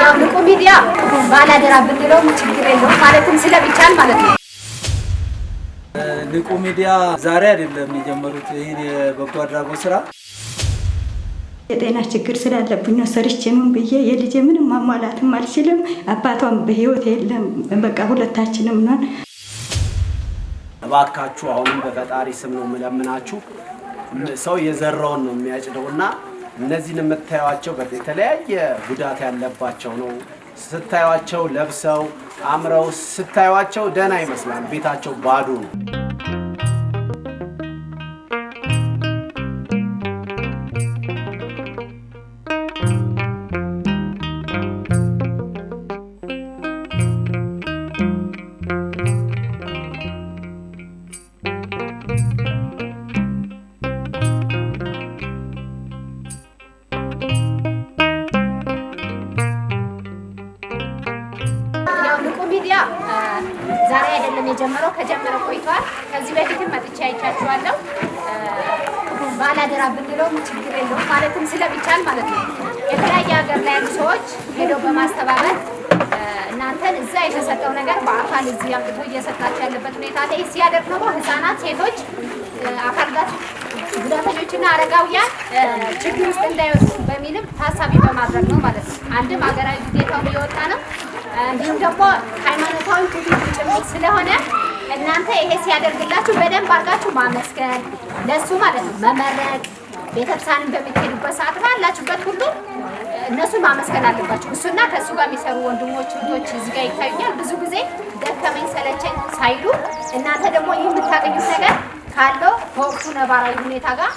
የአምልኮ ሚዲያ ባላደራ ብንለውም ችግር የለውም ማለትም ስለሚቻል ማለት ነው። ንቁ ሚዲያ ዛሬ አይደለም የጀመሩት ይህን የበጎ አድራጎት ስራ። የጤና ችግር ስላለብኝ ነው ሰርቼ ምን ብዬ የልጄ ምንም ማሟላትም አልችልም። አባቷም በህይወት የለም። በቃ ሁለታችንም ነን። እባካችሁ አሁንም በፈጣሪ ስም ነው የምለምናችሁ። ሰው የዘራውን ነው የሚያጭደውና እነዚህን የምታዩቸው የተለያየ ጉዳት ያለባቸው ነው። ስታዩቸው ለብሰው አምረው ስታዩቸው ደህና ይመስላል፣ ቤታቸው ባዶ ነው። ከዚህ በፊትም መጥቼ አይቻችኋለሁ። ባላደራ ብንለውም ችግር የለውም ማለትም ስለሚቻል ማለት ነው። የተለያየ ሀገር ላይ ያሉ ሰዎች ሄደው በማስተባበር እናንተን እዛ የተሰጠው ነገር በአካል እዚህ አምጥቶ እየሰጣቸው ያለበት ሁኔታ ላይ ሲያደርግ ነው። ህፃናት፣ ሴቶች፣ አካል ጉዳተኞችና አረጋውያን ችግር ውስጥ እንዳይወጡ በሚልም ታሳቢ በማድረግ ነው ማለት ነው። አንድም ሀገራዊ ግዴታውን እየወጣ ነው፣ እንዲሁም ደግሞ ሃይማኖታዊ ጭምር ስለሆነ እናንተ ይሄ ሲያደርግላችሁ በደንብ አድርጋችሁ ማመስገን ለሱ ማለት ነው መመረቅ ቤተክርስቲያንን በምትሄዱበት ሰዓት ባላችሁበት ሁሉ እነሱን ማመስገን አለባችሁ። እሱና ከእሱ ጋር የሚሰሩ ወንድሞች እህቶች እዚህ ጋር ይታዩኛል። ብዙ ጊዜ ደከመኝ ሰለቸኝ ሳይሉ እናንተ ደግሞ ይህ የምታገኙት ነገር ካለው በወቅቱ ነባራዊ ሁኔታ ጋር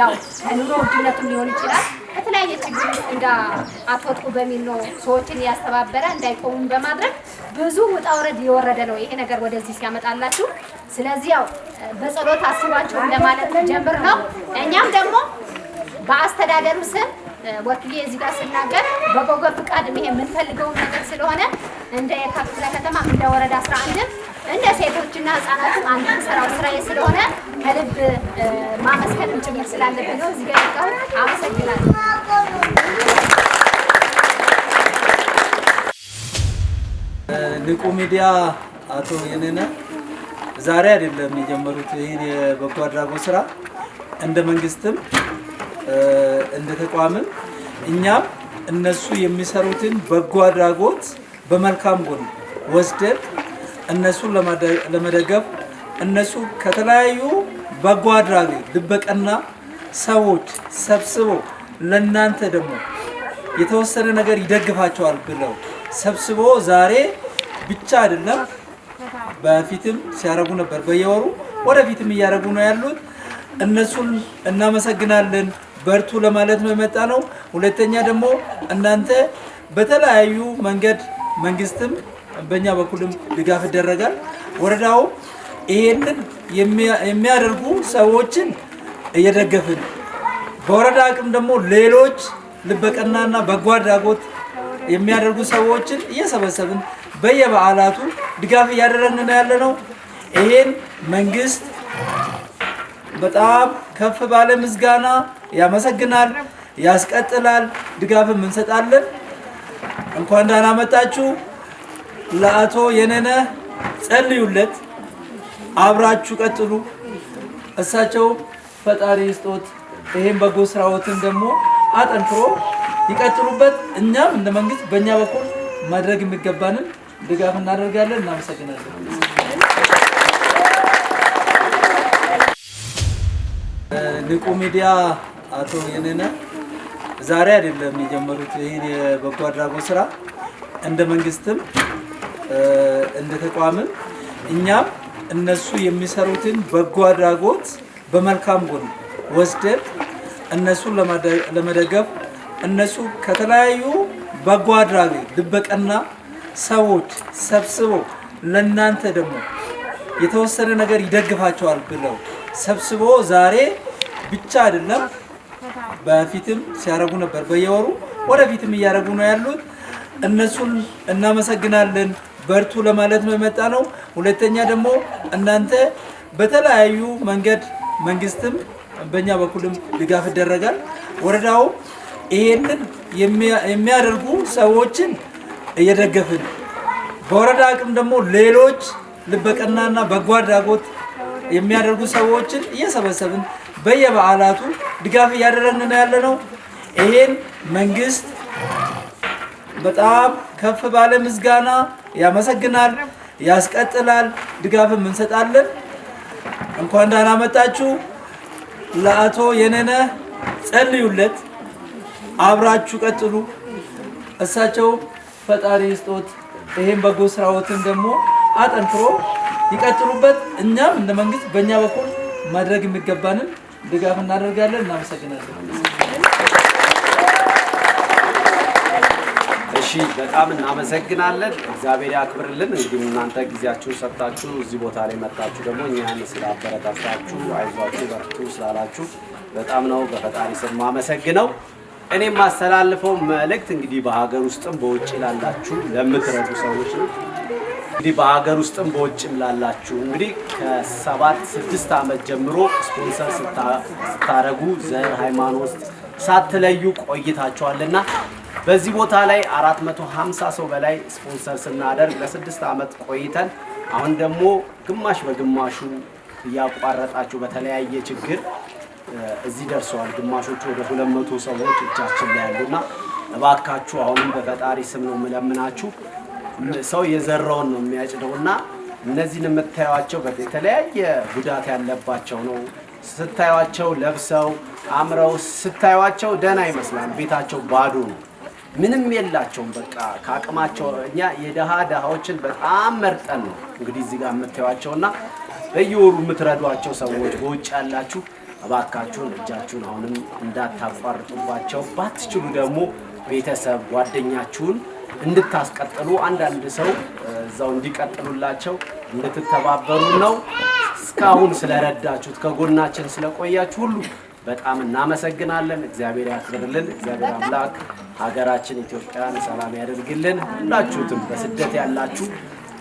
ያው ከኑሮ ውድነቱም ሊሆን ይችላል ከተለያየ ችግር እንዳትወጥቁ በሚል ነው ሰዎችን ያስተባበረ እንዳይቆሙም በማድረግ ብዙ ውጣ ውረድ የወረደ ነው ይሄ ነገር ወደዚህ ሲያመጣላችሁ። ስለዚህ ያው በጸሎት አስባችሁ ለማለት ጀምር ነው። እኛም ደግሞ በአስተዳደሩ ስም ወክዬ እዚህ ጋር ስናገር በበጎ ፍቃድ ይሄ የምንፈልገውን ነገር ስለሆነ እንደ የካ ክፍለ ከተማ እንደ ወረዳ አንድም እንደ ሴቶችና ህጻናትም አንድ ሰራው ስራዬ ስለሆነ ከልብ ማመስገንም ጭምር ስላለብን ነው እዚህ ጋር የመጣሁት። አመሰግናለሁ። ንቁ ሚዲያ አቶ የኔነህ ዛሬ አይደለም የጀመሩት ይህን የበጎ አድራጎት ስራ። እንደ መንግስትም እንደ ተቋምም እኛም እነሱ የሚሰሩትን በጎ አድራጎት በመልካም ጎን ወስደን እነሱን ለመደገፍ እነሱ ከተለያዩ በጎ አድራጊ ድበቀና ሰዎች ሰብስቦ ለእናንተ ደግሞ የተወሰነ ነገር ይደግፋቸዋል ብለው ሰብስቦ ዛሬ ብቻ አይደለም፣ በፊትም ሲያደርጉ ነበር፣ በየወሩ ወደፊትም እያደረጉ ነው ያሉት። እነሱን እናመሰግናለን፣ በርቱ ለማለት ነው የመጣ ነው። ሁለተኛ ደግሞ እናንተ በተለያዩ መንገድ መንግስትም በእኛ በኩልም ድጋፍ ይደረጋል። ወረዳው ይሄንን የሚያደርጉ ሰዎችን እየደገፍን በወረዳ አቅም ደግሞ ሌሎች ልበቀናና በጎ አድራጎት የሚያደርጉ ሰዎችን እየሰበሰብን በየበዓላቱ ድጋፍ እያደረግን ያለ ነው። ይሄን መንግስት በጣም ከፍ ባለ ምስጋና ያመሰግናል፣ ያስቀጥላል። ድጋፍም እንሰጣለን። እንኳን ደህና መጣችሁ። ለአቶ የነነ ጸልዩለት፣ አብራችሁ ቀጥሉ። እሳቸው ፈጣሪ ስጦት ይሄን በጎ ስራዎትን ደግሞ አጠንክሮ ይቀጥሉበት። እኛም እንደ መንግስት በእኛ በኩል ማድረግ የሚገባንን ድጋፍ እናደርጋለን። እናመሰግናለን። ንቁ ሚዲያ አቶ የነነ ዛሬ አይደለም የጀመሩት ይህን የበጎ አድራጎት ስራ እንደ መንግስትም እንደ ተቋምም እኛም እነሱ የሚሰሩትን በጎ አድራጎት በመልካም ጎን ወስደን እነሱን ለመደገፍ እነሱ ከተለያዩ በጎ አድራጊ ልበቀና ሰዎች ሰብስበው ለእናንተ ደግሞ የተወሰነ ነገር ይደግፋቸዋል ብለው ሰብስቦ ዛሬ ብቻ አይደለም፣ በፊትም ሲያደርጉ ነበር፣ በየወሩ ወደፊትም እያደረጉ ነው ያሉት። እነሱን እናመሰግናለን። በርቱ ለማለት ነው የመጣ ነው። ሁለተኛ ደግሞ እናንተ በተለያዩ መንገድ መንግስትም በእኛ በኩልም ድጋፍ ይደረጋል። ወረዳው ይሄንን የሚያደርጉ ሰዎችን እየደገፍን በወረዳ አቅም ደግሞ ሌሎች ልበቀናና በጎ አድራጎት የሚያደርጉ ሰዎችን እየሰበሰብን በየበዓላቱ ድጋፍ እያደረግን ያለ ነው። ይሄን መንግስት በጣም ከፍ ባለ ምዝጋና ያመሰግናል፣ ያስቀጥላል፣ ድጋፍም እንሰጣለን። እንኳን ደህና መጣችሁ። ለአቶ የነነ ጸልዩለት፣ አብራችሁ ቀጥሉ። እሳቸው ፈጣሪ ስጦት ይሄን በጎ ስራዎትን ደግሞ አጠንክሮ ይቀጥሉበት። እኛም እንደ መንግስት በእኛ በኩል ማድረግ የሚገባንን ድጋፍ እናደርጋለን። እናመሰግናለን። በጣም እናመሰግናለን። እግዚአብሔር ያክብርልን። እንግዲህ እናንተ ጊዜያችሁን ሰጥታችሁ እዚህ ቦታ ላይ መጣችሁ ደግሞ እኛን ስላበረታታችሁ፣ አይዟችሁ፣ በርቱ ስላላችሁ በጣም ነው በፈጣሪ ስም ማመሰግነው። እኔም የማስተላልፈው መልእክት እንግዲህ በሀገር ውስጥም በውጭ ላላችሁ ለምትረዱ ሰዎች ነው። እንግዲህ በሀገር ውስጥም በውጭም ላላችሁ እንግዲህ ከሰባት ስድስት ዓመት ጀምሮ ስፖንሰር ስታረጉ ዘር ሃይማኖት ሳትለዩ ቆይታችኋልና በዚህ ቦታ ላይ 450 ሰው በላይ ስፖንሰር ስናደርግ ለስድስት ዓመት ቆይተን አሁን ደግሞ ግማሽ በግማሹ እያቋረጣችሁ በተለያየ ችግር እዚህ ደርሰዋል። ግማሾቹ ወደ 200 ሰዎች እጃችን ላይ ያሉና እባካችሁ አሁንም በፈጣሪ ስም ነው የምለምናችሁ። ሰው የዘራውን ነው የሚያጭደው እና እነዚህን የምታዩቸው የተለያየ ጉዳት ያለባቸው ነው። ስታዩቸው ለብሰው አምረው ስታዩቸው ደህና ይመስላል፣ ቤታቸው ባዶ ነው። ምንም የላቸውም። በቃ ከአቅማቸው እኛ የደሃ ደሃዎችን በጣም መርጠን ነው እንግዲህ እዚህ ጋር የምታዩቸውና በየወሩ የምትረዷቸው ሰዎች በውጭ ያላችሁ እባካችሁን እጃችሁን አሁንም እንዳታቋርጡባቸው፣ ባትችሉ ደግሞ ቤተሰብ ጓደኛችሁን እንድታስቀጥሉ አንዳንድ ሰው እዛው እንዲቀጥሉላቸው እንድትተባበሩ ነው። እስካሁን ስለረዳችሁት ከጎናችን ስለቆያችሁ ሁሉ በጣም እናመሰግናለን። እግዚአብሔር ያክብርልን። እግዚአብሔር አምላክ ሀገራችን ኢትዮጵያን ሰላም ያደርግልን። ሁላችሁትም በስደት ያላችሁ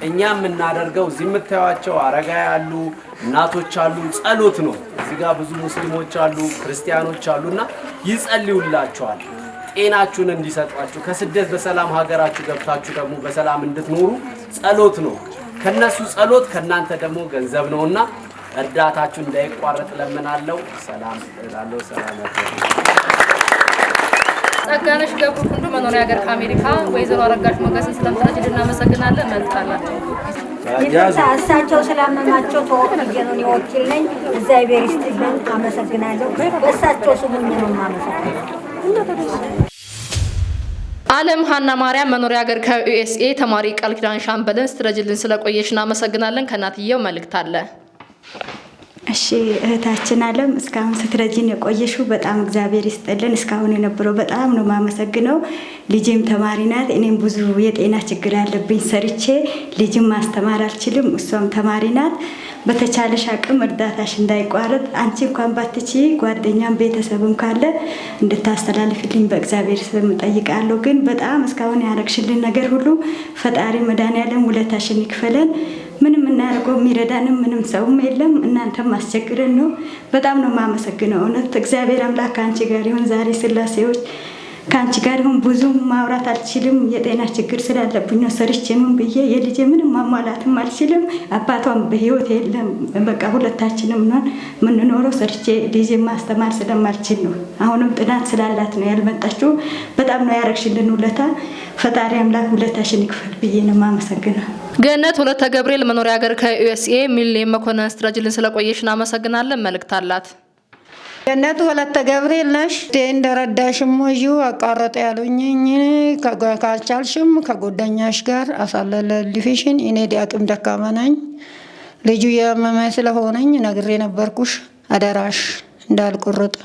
እኛ የምናደርገው እዚህ የምታዩቸው አረጋ ያሉ እናቶች አሉ፣ ጸሎት ነው። እዚህ ጋር ብዙ ሙስሊሞች አሉ፣ ክርስቲያኖች አሉ እና ይጸልዩላችኋል ጤናችሁን እንዲሰጧችሁ ከስደት በሰላም ሀገራችሁ ገብታችሁ ደግሞ በሰላም እንድትኖሩ ጸሎት ነው። ከነሱ ጸሎት ከእናንተ ደግሞ ገንዘብ ነውና እርዳታችሁ እንዳይቋረጥ ለምናለው። ሰላም ላለው ሰላም ጸጋነሽ ገብሩ ሁሉ መኖሪያ ሀገር ከአሜሪካ ወይዘሮ አረጋሽ ሞገስን ስለምትረጅ እናመሰግናለን። መልጣላቸው እሳቸው ስላመማቸው ተወክጀኑን የወኪል ነኝ። እግዚአብሔር ይስጥልን። አመሰግናለሁ። በእሳቸው ስሙኝ ነው ማመሰግናለሁ። አለም ሀና ማርያም መኖሪያ ሀገር ከዩኤስኤ ተማሪ ቃል ኪዳን ሻምበልን ስትረጅልን ስለቆየሽ እናመሰግናለን። ከእናትየው መልእክት አለ። እሺ እህታችን አለም እስካሁን ስትረጂን የቆየሽው በጣም እግዚአብሔር ይስጥልን። እስካሁን የነበረው በጣም ነው ማመሰግነው። ልጅም ተማሪ ናት። እኔም ብዙ የጤና ችግር አለብኝ። ሰርቼ ልጅም ማስተማር አልችልም። እሷም ተማሪ ናት። በተቻለሽ አቅም እርዳታሽ እንዳይቋረጥ፣ አንቺ እንኳን ባትቺ ጓደኛም ቤተሰብም ካለ እንድታስተላልፍልኝ በእግዚአብሔር ስም ጠይቃለሁ። ግን በጣም እስካሁን ያረግሽልን ነገር ሁሉ ፈጣሪ መድኃኔዓለም ውለታሽን ይክፈለን። ምንም እናደርገው የሚረዳንም ምንም ሰውም የለም። እናንተም አስቸግረን ነው። በጣም ነው የማመሰግነው። እውነት እግዚአብሔር አምላክ ከአንቺ ጋር ይሁን። ዛሬ ስላሴዎች ከአንቺ ጋር ይሁን። ብዙም ማውራት አልችልም። የጤና ችግር ስላለብኝ ነው ሰርቼ ምን ብዬ የልጄ ምንም ማሟላትም አልችልም። አባቷም በህይወት የለም። በቃ ሁለታችንም ነን የምንኖረው። ሰርቼ ልጄ ማስተማር ስለማልችል ነው። አሁንም ጥናት ስላላት ነው ያልመጣችው። በጣም ነው ያረግሽልን ውለታ። ፈጣሪ አምላክ ውለታሽን ይክፈል ብዬ ነው የማመሰግነው። ገነት ወለተ ገብርኤል መኖሪያ ሀገር ከዩኤስኤ ሚሊኒየም መኮንን ስትረጅልን ስለቆየሽ እናመሰግናለን። መልእክት አላት። ገነት ወለተ ገብርኤል ነሽ። እንደረዳሽም ወዩ አቋረጠ ያሉኝ ካልቻልሽም ከጎደኛሽ ጋር አሳለለልፊሽን እኔ አቅም ደካማ ነኝ ልጁ የመመ ስለሆነኝ ነግሬ ነበርኩሽ። አደራሽ እንዳልቆረጥ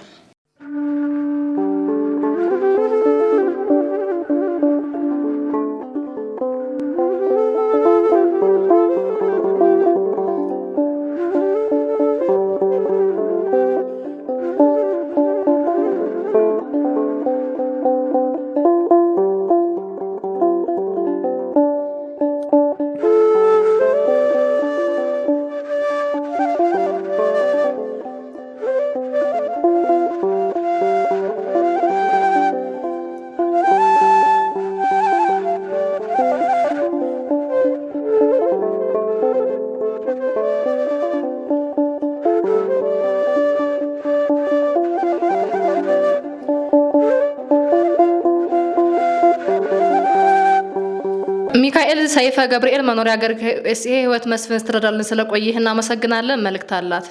ሰይፈ ገብርኤል መኖሪያ ሀገር ከዩኤስኤ ህይወት መስፍን ስትረዳልን ስለቆይህ እናመሰግናለን። መልእክት አላት።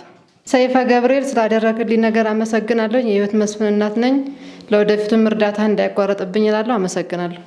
ሰይፈ ገብርኤል ስላደረግልኝ ነገር አመሰግናለሁ። የህይወት መስፍን እናት ነኝ። ለወደፊቱም እርዳታ እንዳይቋረጥብኝ እላለሁ። አመሰግናለሁ።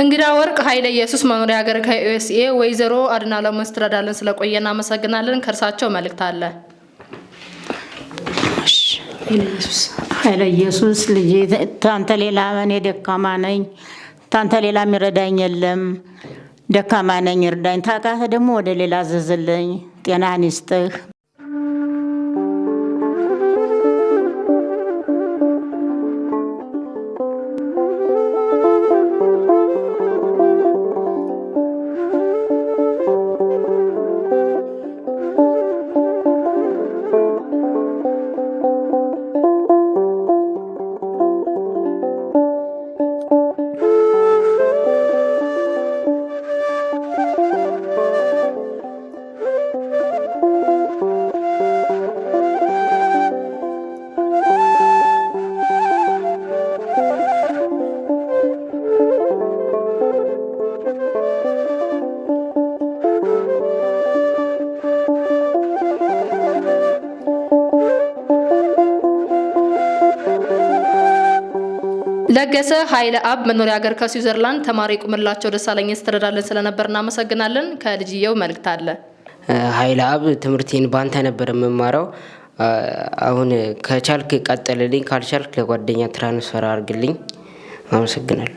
እንግዳ ወርቅ ኃይለ ኢየሱስ መኖሪያ ሀገር ከዩኤስኤ ወይዘሮ አድናለም ስትረዳለን ስለቆየ እናመሰግናለን። ከእርሳቸው መልእክት አለ። ኃይለ ኢየሱስ ልጄ፣ ታንተ ሌላ እኔ ደካማ ነኝ። ታንተ ሌላ የሚረዳኝ የለም። ደካማ ነኝ፣ እርዳኝ። ታቃተ ደግሞ ወደ ሌላ ዘዝልኝ። ጤናህን ይስጥህ። ለገሰ ኃይለ አብ መኖሪያ ሀገር ከስዊዘርላንድ ተማሪ ቁምላቸው ደሳለኝ ስተረዳለን ስለነበር እናመሰግናለን። ከልጅየው መልእክት አለ። ኃይለ አብ ትምህርቴን ባንተ ነበር የምማረው። አሁን ከቻልክ ቀጠልልኝ፣ ካልቻልክ ለጓደኛ ትራንስፈር አድርግልኝ። አመሰግናለሁ።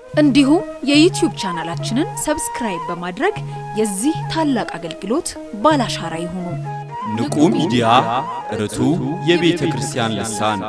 እንዲሁም የዩትዩብ ቻናላችንን ሰብስክራይብ በማድረግ የዚህ ታላቅ አገልግሎት ባላሻራ ይሁኑ። ንቁ ሚዲያ ርቱ የቤተ ክርስቲያን ልሳን